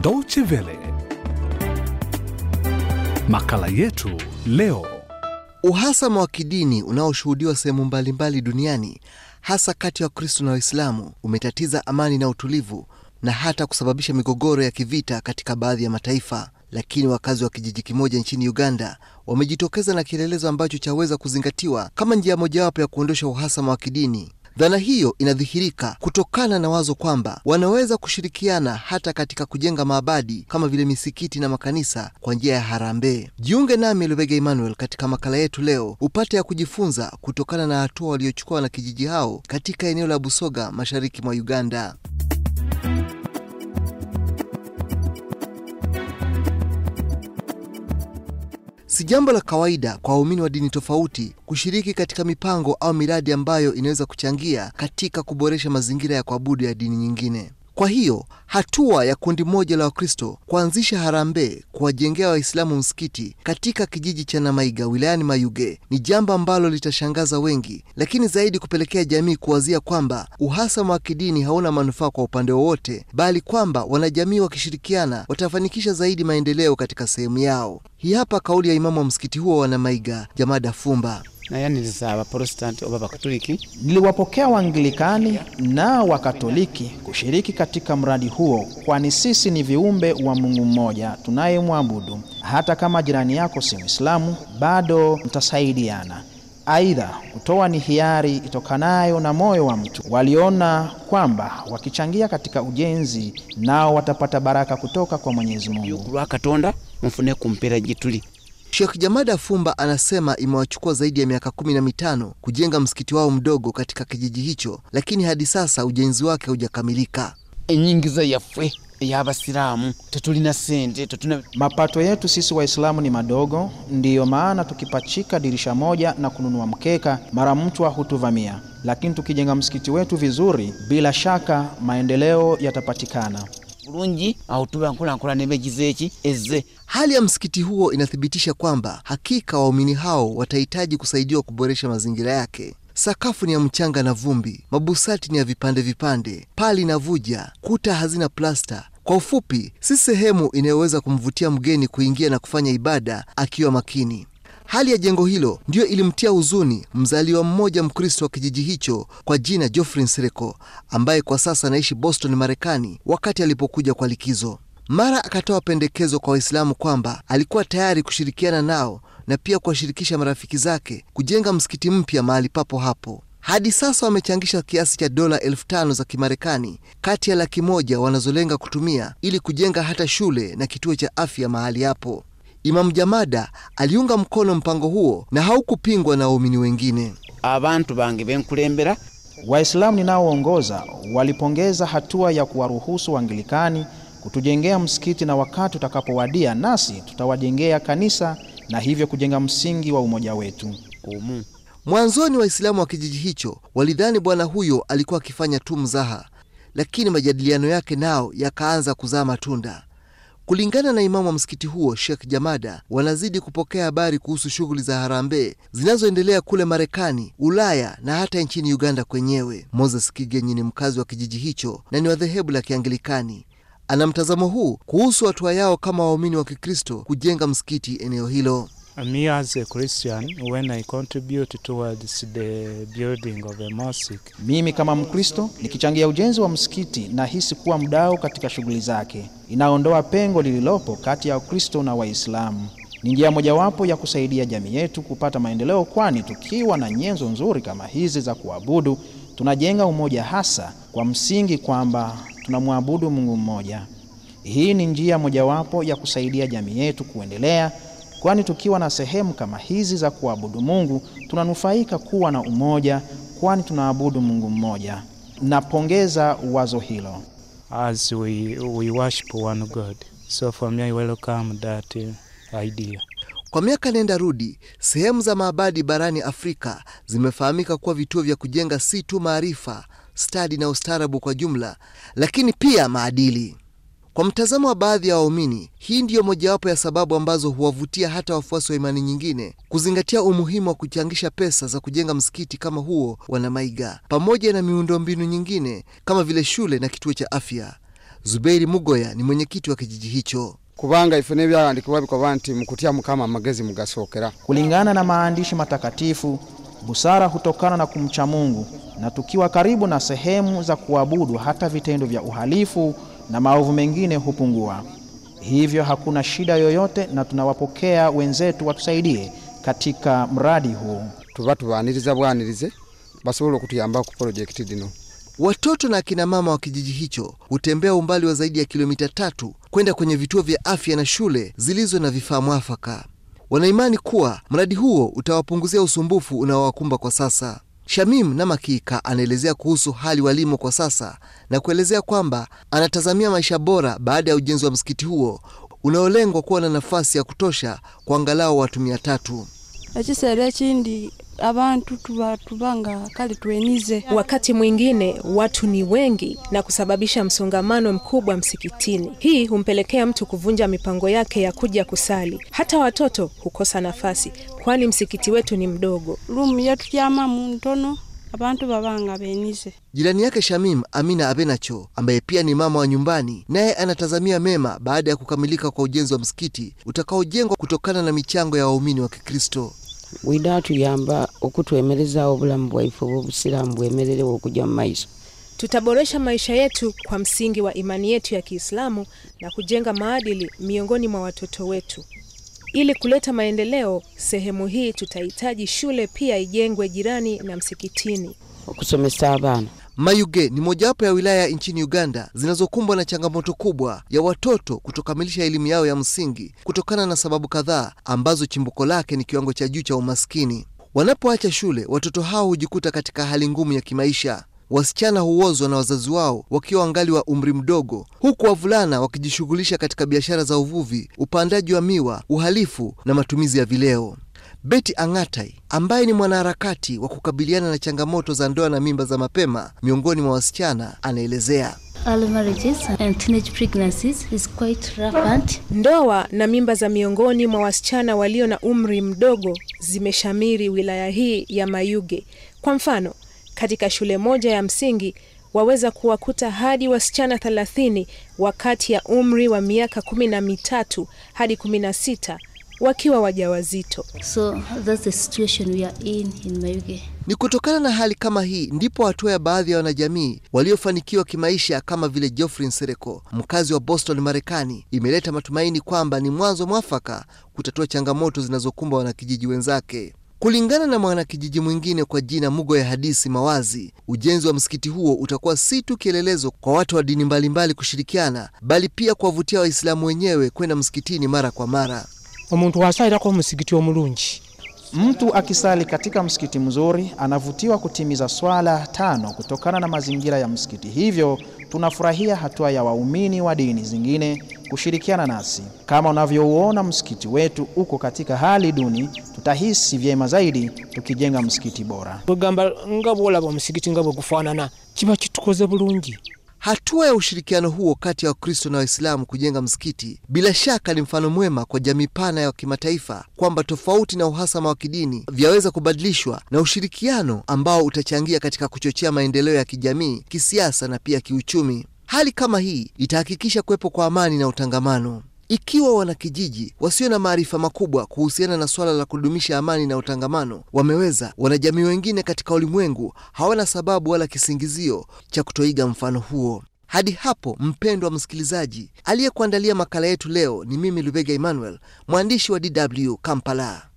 Deutsche Welle. Makala yetu leo. Uhasama wa kidini unaoshuhudiwa sehemu mbalimbali duniani hasa kati ya Wakristo na Waislamu umetatiza amani na utulivu na hata kusababisha migogoro ya kivita katika baadhi ya mataifa. Lakini wakazi wa kijiji kimoja nchini Uganda wamejitokeza na kielelezo ambacho chaweza kuzingatiwa kama njia mojawapo ya kuondosha uhasama wa kidini Dhana hiyo inadhihirika kutokana na wazo kwamba wanaweza kushirikiana hata katika kujenga maabadi kama vile misikiti na makanisa kwa njia ya harambee. Jiunge nami Lubega Emmanuel katika makala yetu leo upate ya kujifunza kutokana na hatua waliochukua wanakijiji hao katika eneo la Busoga, mashariki mwa Uganda. Si jambo la kawaida kwa waumini wa dini tofauti kushiriki katika mipango au miradi ambayo inaweza kuchangia katika kuboresha mazingira ya kuabudu ya dini nyingine. Kwa hiyo hatua ya kundi moja la Wakristo kuanzisha harambee kuwajengea Waislamu msikiti katika kijiji cha Namaiga wilayani Mayuge ni jambo ambalo litashangaza wengi, lakini zaidi kupelekea jamii kuwazia kwamba uhasama wa kidini hauna manufaa kwa upande wowote, bali kwamba wanajamii wakishirikiana watafanikisha zaidi maendeleo katika sehemu yao. Hii hapa kauli ya imamu wa msikiti huo wa Namaiga, Jamada Fumba. Niliwapokea Waanglikani na Wakatoliki kushiriki katika mradi huo, kwani sisi ni viumbe wa Mungu mmoja tunayemwabudu. Hata kama jirani yako si Mwislamu, bado mtasaidiana. Aidha, kutoa ni hiari itokanayo na moyo wa mtu. Waliona kwamba wakichangia katika ujenzi nao watapata baraka kutoka kwa Mwenyezi Mungu. Sheikh Jamada Fumba anasema imewachukua zaidi ya miaka kumi na mitano kujenga msikiti wao mdogo katika kijiji hicho, lakini hadi sasa ujenzi wake haujakamilika. enyingiza yafwe ey'abasiraamu tetulina sente tatuna mapato yetu sisi Waislamu ni madogo, ndiyo maana tukipachika dirisha moja na kununua mkeka mara mtwa hutuvamia, lakini tukijenga msikiti wetu vizuri, bila shaka maendeleo yatapatikana bulungi awotuba nkulaakulana emegiza eki eze hali ya msikiti huo inathibitisha kwamba hakika waumini hao watahitaji kusaidiwa kuboresha mazingira yake. Sakafu ni ya mchanga na vumbi, mabusati ni ya vipande vipande, pali na vuja, kuta hazina plasta. Kwa ufupi, si sehemu inayoweza kumvutia mgeni kuingia na kufanya ibada akiwa makini. Hali ya jengo hilo ndiyo ilimtia huzuni mzaliwa mmoja Mkristo wa kijiji hicho kwa jina Geoffrey Nsereko ambaye kwa sasa anaishi Boston, Marekani, wakati alipokuja kwa likizo. Mara akatoa pendekezo kwa Waislamu kwamba alikuwa tayari kushirikiana nao na pia kuwashirikisha marafiki zake kujenga msikiti mpya mahali papo hapo. Hadi sasa wamechangisha kiasi cha dola elfu tano za Kimarekani kati ya laki moja wanazolenga kutumia ili kujenga hata shule na kituo cha afya mahali hapo. Imam Jamada aliunga mkono mpango huo na haukupingwa na waumini wengine. Abantu bange benkulembera Waislamu ninaoongoza walipongeza hatua ya kuwaruhusu wangilikani kutujengea msikiti na wakati utakapowadia nasi tutawajengea kanisa na hivyo kujenga msingi wa umoja wetu. Umu. Mwanzoni Waislamu wa kijiji hicho walidhani bwana huyo alikuwa akifanya tu mzaha, lakini majadiliano yake nao yakaanza kuzaa matunda. Kulingana na imamu wa msikiti huo Sheikh Jamada, wanazidi kupokea habari kuhusu shughuli za harambee zinazoendelea kule Marekani, Ulaya na hata nchini Uganda kwenyewe. Moses Kigenyi ni mkazi wa kijiji hicho na ni wa dhehebu la Kianglikani. Ana mtazamo huu kuhusu hatua yao kama waumini wa Kikristo kujenga msikiti eneo hilo me as a Christian when I contribute towards the building of a mosque. Mimi kama Mkristo nikichangia ujenzi wa msikiti nahisi kuwa mdau katika shughuli zake. Inaondoa pengo lililopo kati ya Wakristo na Waislamu. Ni njia mojawapo ya kusaidia jamii yetu kupata maendeleo, kwani tukiwa na nyenzo nzuri kama hizi za kuabudu, tunajenga umoja hasa kwa msingi kwamba tunamwabudu Mungu mmoja. Hii ni njia mojawapo ya kusaidia jamii yetu kuendelea kwani tukiwa na sehemu kama hizi za kuabudu Mungu tunanufaika kuwa na umoja, kwani tunaabudu Mungu mmoja. Napongeza wazo hilo. As we, we worship one God. So for me I welcome that uh, idea. Kwa miaka nenda rudi, sehemu za maabadi barani Afrika zimefahamika kuwa vituo vya kujenga si tu maarifa, stadi na ustaarabu kwa jumla, lakini pia maadili. Kwa mtazamo wa baadhi ya waumini, hii ndiyo mojawapo ya sababu ambazo huwavutia hata wafuasi wa imani nyingine kuzingatia umuhimu wa kuchangisha pesa za kujenga msikiti kama huo wa Namaiga, pamoja na miundombinu nyingine kama vile shule na kituo cha afya. zuberi Mugoya ni mwenyekiti wa kijiji hicho. Kubanga ifune byawandikibwa bikovaa nti mukutia mukama magezi mugasokera. Kulingana na maandishi matakatifu, busara hutokana na kumcha Mungu, na tukiwa karibu na sehemu za kuabudu, hata vitendo vya uhalifu na maovu mengine hupungua. Hivyo hakuna shida yoyote, na tunawapokea wenzetu watusaidie katika mradi huu. tuba bwanirize basobole okutuyamba ku projekti dino. Watoto na akina mama wa kijiji hicho hutembea umbali wa zaidi ya kilomita tatu kwenda kwenye vituo vya afya na shule zilizo na vifaa mwafaka. Wanaimani kuwa mradi huo utawapunguzia usumbufu unaowakumba kwa sasa. Shamim Namakika anaelezea kuhusu hali walimo kwa sasa na kuelezea kwamba anatazamia maisha bora baada ya ujenzi wa msikiti huo unaolengwa kuwa na nafasi ya kutosha kwa angalau watu mia tatu ekiseera ekindi abantu tuba, tuba nga kale Wakati mwingine watu ni wengi na kusababisha msongamano mkubwa msikitini. Hii humpelekea mtu kuvunja mipango yake ya kuja kusali. Hata watoto hukosa nafasi, kwani msikiti wetu ni mdogo. rumu yetu tyamamu ntono abantu babanga benize. Jirani yake Shamim Amina Abenacho ambaye pia ni mama wa nyumbani, naye anatazamia mema baada ya kukamilika kwa ujenzi wa msikiti utakaojengwa kutokana na michango ya waumini wa Kikristo. Wida tuyamba okutwemerezaawo obulamu bwaife obw'obusiraamu bwemererewo okujja mu tutaboresha maisha yetu kwa msingi wa imani yetu ya Kiislamu na kujenga maadili miongoni mwa watoto wetu. Ili kuleta maendeleo sehemu hii, tutahitaji shule pia ijengwe jirani na msikitini abana. Mayuge ni mojawapo ya wilaya nchini Uganda zinazokumbwa na changamoto kubwa ya watoto kutokamilisha elimu yao ya msingi kutokana na sababu kadhaa ambazo chimbuko lake ni kiwango cha juu cha umaskini. Wanapoacha shule, watoto hao hujikuta katika hali ngumu ya kimaisha. Wasichana huozwa na wazazi wao wakiwa wangali wa umri mdogo, huku wavulana wakijishughulisha katika biashara za uvuvi, upandaji wa miwa, uhalifu na matumizi ya vileo. beti Ang'atai ambaye ni mwanaharakati wa kukabiliana na changamoto za ndoa na mimba za mapema miongoni mwa wasichana anaelezea. Ndoa na mimba za miongoni mwa wasichana walio na umri mdogo zimeshamiri wilaya hii ya Mayuge. Kwa mfano, katika shule moja ya msingi waweza kuwakuta hadi wasichana thelathini wa kati ya umri wa miaka kumi na mitatu hadi kumi na sita wakiwa wajawazito. So, that's the situation we are in, in Mayuge. Ni kutokana na hali kama hii ndipo hatua ya baadhi ya wanajamii waliofanikiwa kimaisha kama vile Geoffrey Nsereko, mkazi wa Boston, Marekani, imeleta matumaini kwamba ni mwanzo mwafaka kutatua changamoto zinazokumba wanakijiji wenzake. Kulingana na mwanakijiji mwingine kwa jina Mugo ya Hadisi Mawazi, ujenzi wa msikiti huo utakuwa si tu kielelezo kwa watu wa dini mbalimbali kushirikiana, bali pia kuwavutia Waislamu wenyewe kwenda msikitini mara kwa mara. omuntu msikiti wa omulungi Mtu akisali katika msikiti mzuri anavutiwa kutimiza swala tano kutokana na mazingira ya msikiti. Hivyo tunafurahia hatua ya waumini wa dini zingine kushirikiana nasi. Kama unavyouona msikiti wetu uko katika hali duni, tutahisi vyema zaidi tukijenga msikiti bora. Bagamba ngabola ba msikiti ngabo kufanana kiba kitukoze bulungi. Hatua ya ushirikiano huo kati ya Wakristo na Waislamu kujenga msikiti bila shaka ni mfano mwema kwa jamii pana ya kimataifa kwamba tofauti na uhasama wa kidini vyaweza kubadilishwa na ushirikiano ambao utachangia katika kuchochea maendeleo ya kijamii, kisiasa na pia kiuchumi. Hali kama hii itahakikisha kuwepo kwa amani na utangamano. Ikiwa wanakijiji wasio na maarifa makubwa kuhusiana na suala la kudumisha amani na utangamano wameweza, wanajamii wengine katika ulimwengu hawana sababu wala kisingizio cha kutoiga mfano huo. Hadi hapo, mpendwa msikilizaji, aliyekuandalia makala yetu leo ni mimi Lubega Emmanuel, mwandishi wa DW Kampala.